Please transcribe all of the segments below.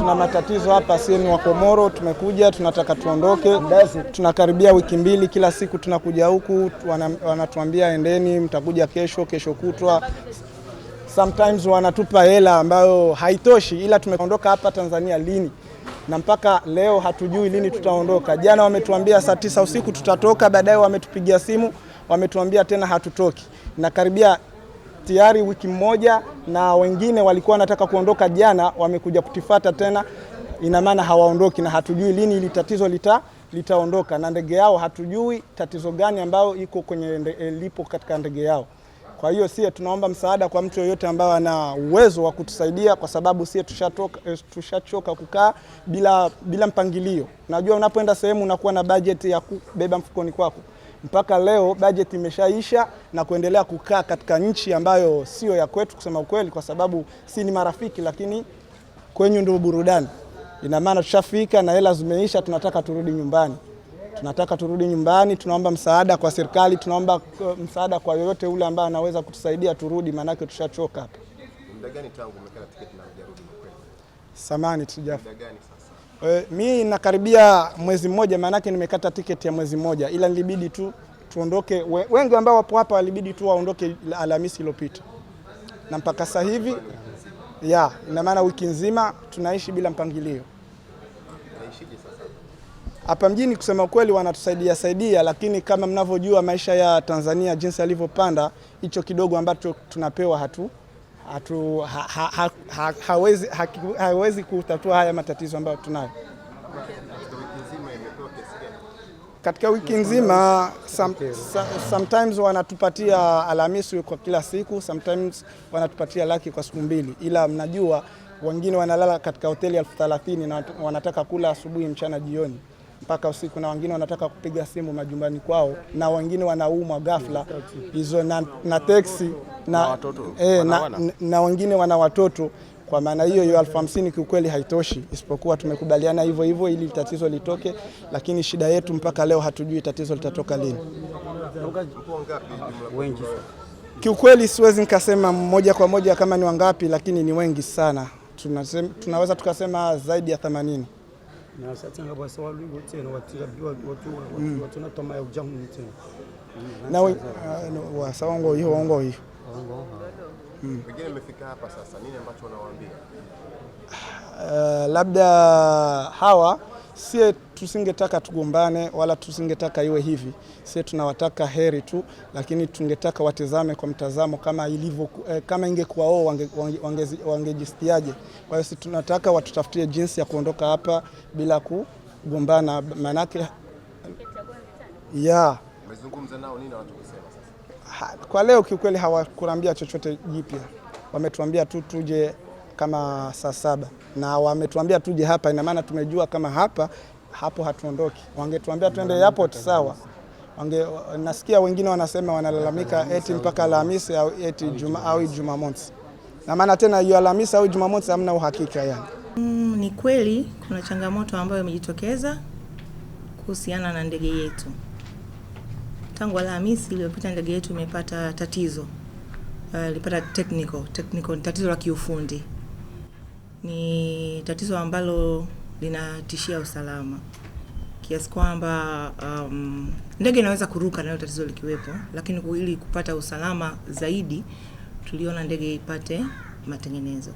tuna matatizo hapa sisi wa Komoro, tumekuja tunataka tuondoke. Tunakaribia wiki mbili, kila siku tunakuja huku, wanatuambia wana endeni, mtakuja kesho, kesho kutwa sometimes wanatupa hela ambayo haitoshi, ila tumeondoka hapa Tanzania lini? Na mpaka leo hatujui lini tutaondoka. Jana wametuambia saa tisa usiku tutatoka, baadaye wametupigia simu wametuambia tena hatutoki, na karibia tayari wiki moja, na wengine walikuwa wanataka kuondoka jana, wamekuja kutifata tena, ina maana hawaondoki, na hatujui lini ili tatizo lita litaondoka na ndege yao. Hatujui tatizo gani ambayo iko kwenye eh, lipo katika ndege yao. Kwa hiyo sie tunaomba msaada kwa mtu yoyote ambaye ana uwezo wa kutusaidia, kwa sababu sie tushatoka eh, tushachoka kukaa bila, bila mpangilio. Najua unapoenda sehemu unakuwa na bajeti ya kubeba mfukoni kwako mpaka leo bajeti imeshaisha na kuendelea kukaa katika nchi ambayo sio ya kwetu, kusema ukweli, kwa sababu si ni marafiki, lakini kwenyu ndio burudani. Ina maana tushafika na hela zimeisha, tunataka turudi nyumbani, tunataka turudi nyumbani. Tunaomba msaada kwa serikali, tunaomba uh, msaada kwa yoyote ule ambaye anaweza kutusaidia turudi, maanake tushachoka hapa. Muda gani Samani, tujafa Eh, mi nakaribia mwezi mmoja, maanake nimekata tiketi ya mwezi mmoja, ila nilibidi tu tuondoke. Wengi ambao wapo hapa walibidi tu waondoke Alhamisi iliyopita, na mpaka sasa hivi ya ina maana wiki nzima tunaishi bila mpangilio hapa mjini. Kusema ukweli, wanatusaidia saidia, lakini kama mnavyojua maisha ya Tanzania jinsi yalivyopanda, hicho kidogo ambacho tunapewa hatu hatu, ha, ha, ha, hawezi, ha, hawezi kutatua haya matatizo ambayo tunayo katika wiki nzima. Some, sometimes wanatupatia Alhamisi kwa kila siku, sometimes wanatupatia laki kwa siku mbili, ila mnajua wengine wanalala katika hoteli elfu thelathini na wanataka kula asubuhi, mchana, jioni mpaka usiku, na wengine wanataka kupiga simu majumbani kwao, na wengine wanaumwa ghafla hizo na, na teksi na, na, eh, na wengine wana watoto. Kwa maana hiyo hiyo elfu hamsini kiukweli haitoshi, isipokuwa tumekubaliana hivyo hivyo ili tatizo litoke, lakini shida yetu mpaka leo hatujui tatizo litatoka lini. Kiukweli siwezi nikasema moja kwa moja kama ni wangapi, lakini ni wengi sana. Tunasema, tunaweza tukasema zaidi ya themanini na sasa ngabo sawa lugha tena watira watu watu na tamaa ya ujamu tena na wa sawa ngo hiyo ngo hiyo mm. pengine mmefika hapa sasa, nini ambacho unawaambia? Uh, labda hawa Sie tusingetaka tugombane wala tusingetaka iwe hivi. Sie tunawataka heri tu, lakini tungetaka watizame kwa mtazamo kama ilivyo, eh, kama ingekuwa wao wangejisikiaje? Kwa hiyo si tunataka watutafutie jinsi ya kuondoka hapa bila kugombana, maanake ya nao nini sasa? Kwa leo kiukweli hawakuambia chochote jipya, wametuambia tu tuje kama saa saba na wametuambia tuje hapa. Ina maana tumejua kama hapa hapo hatuondoki. Wangetuambia tuende airport sawa. Wange, nasikia wengine wanasema wanalalamika eti mpaka Alhamisi au eti Juma au Jumamosi. Na maana tena hiyo Alhamisi au Jumamosi hamna uhakika yani. Mm, ni kweli kuna changamoto ambayo imejitokeza kuhusiana na ndege yetu. Tangu Alhamisi iliyopita ndege yetu imepata tatizo. Uh, ilipata technical, technical tatizo la kiufundi ni tatizo ambalo linatishia usalama kiasi kwamba um, ndege inaweza kuruka nayo tatizo likiwepo, lakini ili kupata usalama zaidi tuliona ndege ipate matengenezo.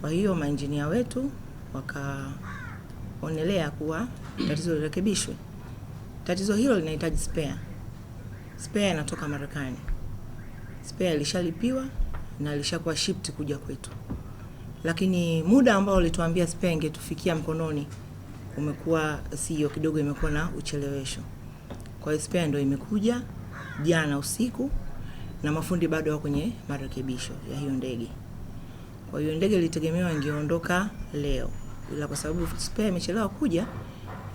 Kwa hiyo maenjinia wetu wakaonelea kuwa tatizo lirekebishwe. Tatizo hilo linahitaji spare. Spare inatoka Marekani, spare ilishalipiwa na ilishakuwa shipped kuja kwetu lakini muda ambao ulituambia spea ingetufikia mkononi umekuwa sio kidogo, imekuwa na uchelewesho. Kwa hiyo spea ndio imekuja jana usiku na mafundi bado wako kwenye marekebisho ya hiyo ndege. Kwa hiyo ndege ilitegemewa ingeondoka leo, ila kwa sababu spea imechelewa kuja,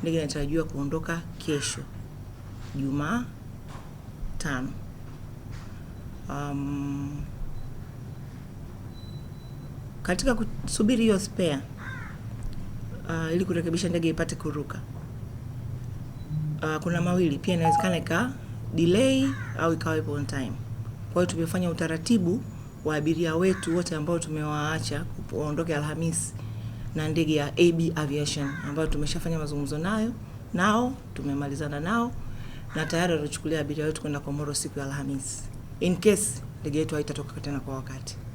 ndege inatarajiwa kuondoka kesho Jumatano. Um, katika kusubiri hiyo spare uh, ili kurekebisha ndege ipate kuruka uh, kuna mawili pia, inawezekana ika delay au ikawa ipo on time. Kwa hiyo tumefanya utaratibu wa abiria wetu wote ambao tumewaacha waondoke Alhamisi na ndege ya AB Aviation ambayo tumeshafanya mazungumzo nayo nao tumemalizana nao na tayari wanachukulia abiria wetu kwenda Komoro siku ya Alhamisi in case ndege yetu haitatoka tena kwa wakati.